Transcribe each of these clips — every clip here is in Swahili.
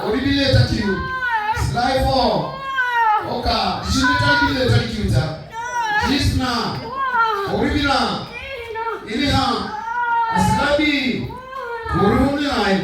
Olibiye taki. Slide for. Oka. Jini taki le taki Jisna. Olibila. Iliha. Aslabi. Kuruni ay.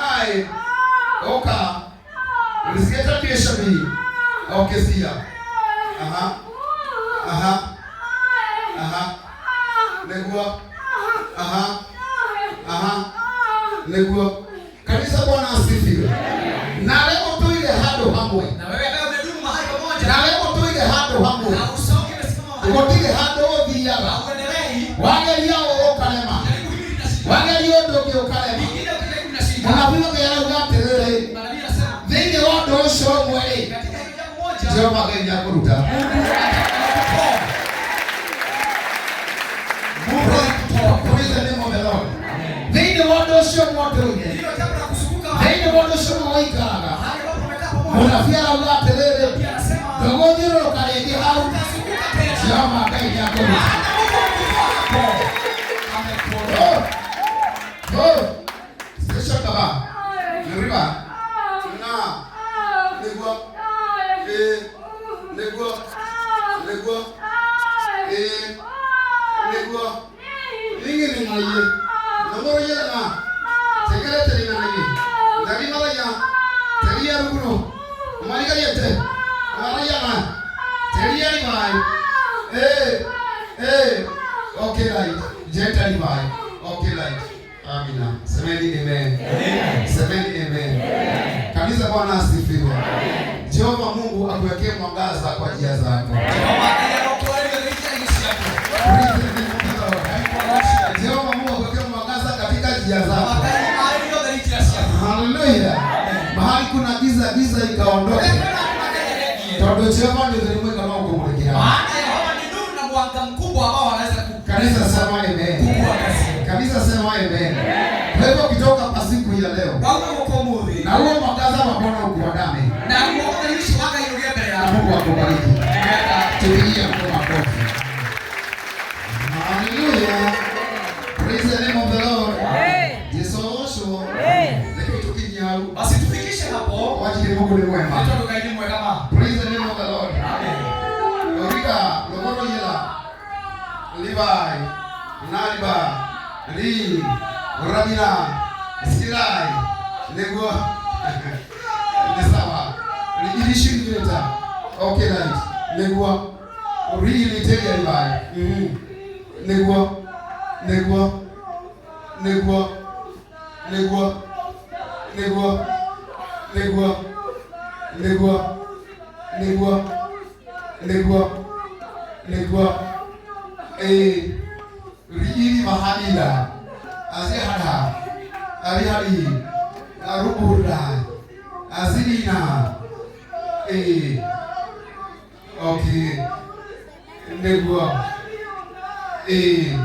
naye oka ulisikia kesha ya oke aokesia aha aha aha legua aha aha legua. Kanisa, Bwana asifiwe. Na leo tu ile hado hamwe na wewe leo umedumu mahali pamoja, na leo tu ile hado hamwe na na umesimama uko ile hado dhia waendelee wagelia Sio magenya kuruta. Muro talk. Praise the name of the Lord. Vini wodo sio moto unye. Vini wodo sio moikara. Unafia ula telele. Dogo diro karegi hau. Sio magenya kuruta. Semeni amen. Kanisa, Bwana asifiwe. Jehova Mungu akuwekee mwangaza kwa njia zako. Jehova Mungu akuwekee mwangaza katika njia zako. Haleluya. Mahali kuna giza, giza ikaondoke. Jehova ndio Maana ni nuru na mwanga mkubwa ambao wanaweza kukanisa sema amen. Kabisa sema amen leo. Na huo mwangaza wa Bwana uko ndani. Na Mungu akubariki. Tulia kwa makofi. Hallelujah. Praise the name of the Lord. Yesu osho. Lakini tukinyau. Basi tufikishe hapo. Waje Mungu ni mwema. Tutokaini mwema. Praise the name of the Lord. Amen. Lorika, lokono yela. Levi. Naliba. Lee. Rabina. Silai. Lego. Ni sawa. Ridishi ngeta. Okay right. Lego. Really take your life. Mhm. Lego. Lego. Lego. Lego. Lego. Lego. Lego. Lego. Lego. Lego. Eh. Riiri mahali Azihada abyali arubura azirina ee okay niguo ee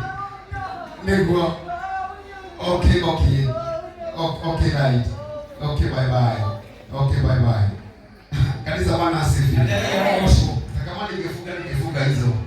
niguo okay okay right okay bye bye okay bye bye kanisa bana asifi takamani ningefunga ningefunga hizo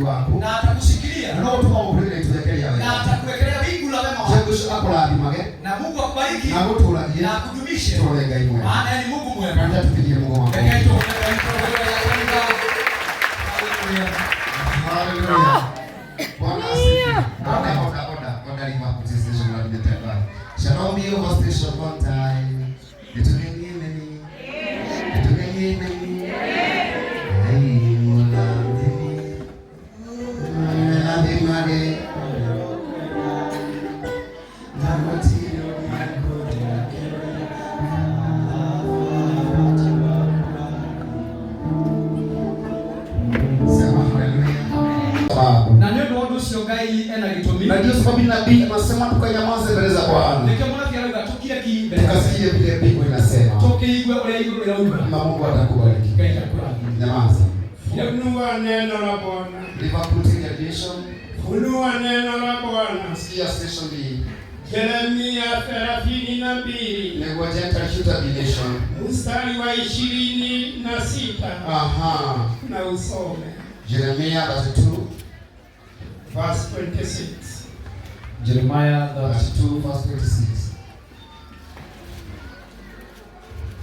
mwenyeji wako na atakushikilia na roho tuma muhuri niturekelia wewe na atakuwekelea wingu la wema wako Yesu akulathimage na Mungu akubariki na guturagie na akudumishe tole ngai mwema maana ni Mungu mwema ndio tupigie Mungu wako ngai tu Hallelujah. Bwana asifiwe. Oda oda oda oda ni kwa position na ndio tena. Shalom hiyo was station one time. Nitumie nabii anasema tukanyamaze mbele za Bwana. Tukasikie vile pigo inasema. Na Mungu atakubariki. Nyamaza. Funua neno la Bwana. Liverpool Television. Funua neno la Bwana. Sikia station hii. Yeremia thelathini na mbili mstari wa ishirini na sita na usome Yeremia 32 Jeremiah 32 verse 26.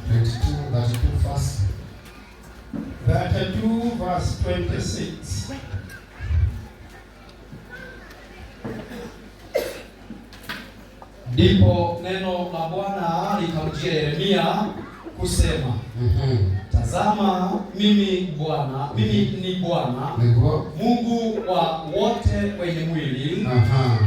32 verse. verse 26. Ndipo neno la Bwana likamjia Yeremia kusema, mhm. Tazama mimi Bwana, mimi ni Bwana Mungu wa wote wenye mwili. -huh.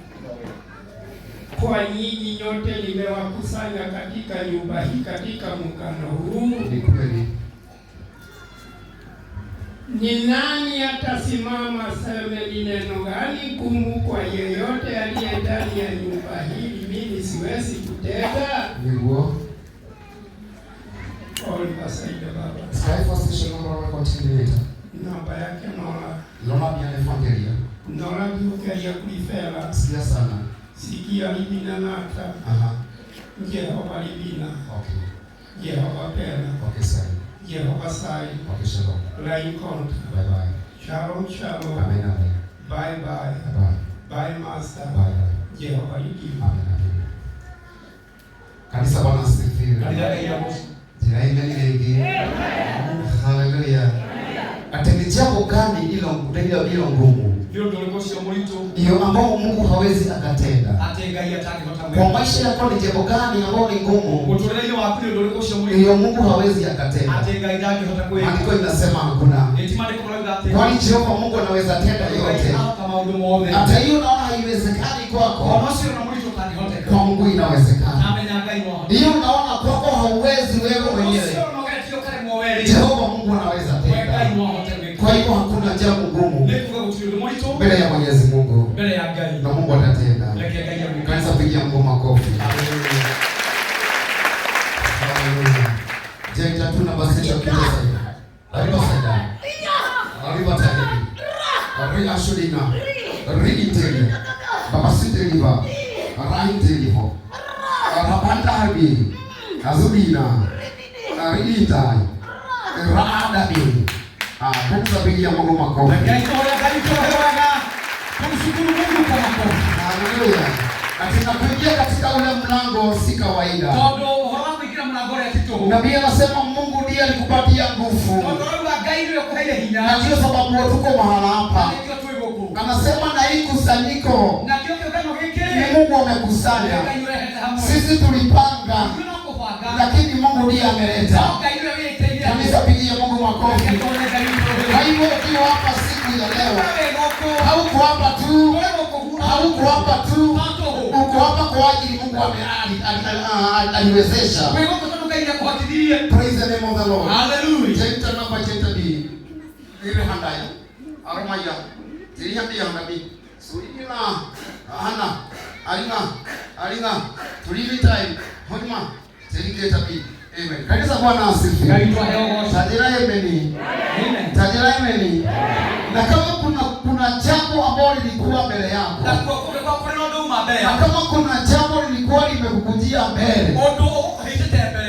kwa nyinyi nyote nimewakusanya katika nyumba hii katika mkano huu. Ni kweli. Ni nani atasimama seme ni neno gani gumu kwa yeyote aliye ndani ya nyumba hii? Mimi siwezi kutenda. Ndio. All aside baba. Saifa session number one continue. Namba yake nora. Nora bien evangelia. Nora bien evangelia kulifera. sana sikia libina nata Jehova libina Jehova pena Jehova sai lainkonta shalom shalom bye bye bye master Jehova libina kanisa Bwana asifiwe. Jina hili lingine. Haleluya chako kani ilo kutegea ilo ngumu iyo ambao Mungu hawezi akatenda kwa maisha yako. Ni jambo gani ambao ni ngumu iyo Mungu hawezi akatenda? Maandiko inasema hakuna, kwani Jehova Mungu anaweza tenda yote, hata hiyo naona haiwezekani kwako, kwa Mungu inawezekana. mbele ya Mwenyezi Mungu, mbele ya Gai na Mungu atatenda. Kanisa, pigia Mungu makofi. Je, tatuna basi cha kile sasa. Ariba sada. Baba ho. Arabanda Azubina. Raada Ah, kanisa pigia Mungu makofi. Unabii anasema Mungu ndiye alikupatia nguvu, na ndio sababu tuko mahala hapa. Anasema na hii kusanyiko ni Mungu amekusanya, sisi tulipanga, lakini Mungu ndiye ameleta. Kanisa, pigia Mungu makofi. Kwa hivyo ukiwa hapa siku ya leo, hauko hapa tu, hauko hapa tu, uko hapa kwa ajili Mungu aliwezesha Praise the name of the Lord. Hallelujah. Chaita namba chaita bi. Ile handai. Arumaya. Tiri handi ya handabi. Suina. Hana. Alinga. Alinga. Tulivi time. Honma. Tiri keta bi. Amen. Kanisa Bwana asifiwe. Kaitua hewa. Tajira yemeni. Amen. Tajira yemeni. Na kama kuna kuna jambo ambalo lilikuwa mbele yako. Na kama kuna jambo lilikuwa limekukujia mbele. Odo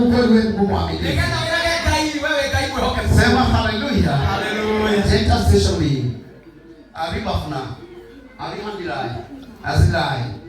Mungu wewe kumwamini. Sema haleluya. Haleluya. Tenta special me. Aribafuna. Azilai.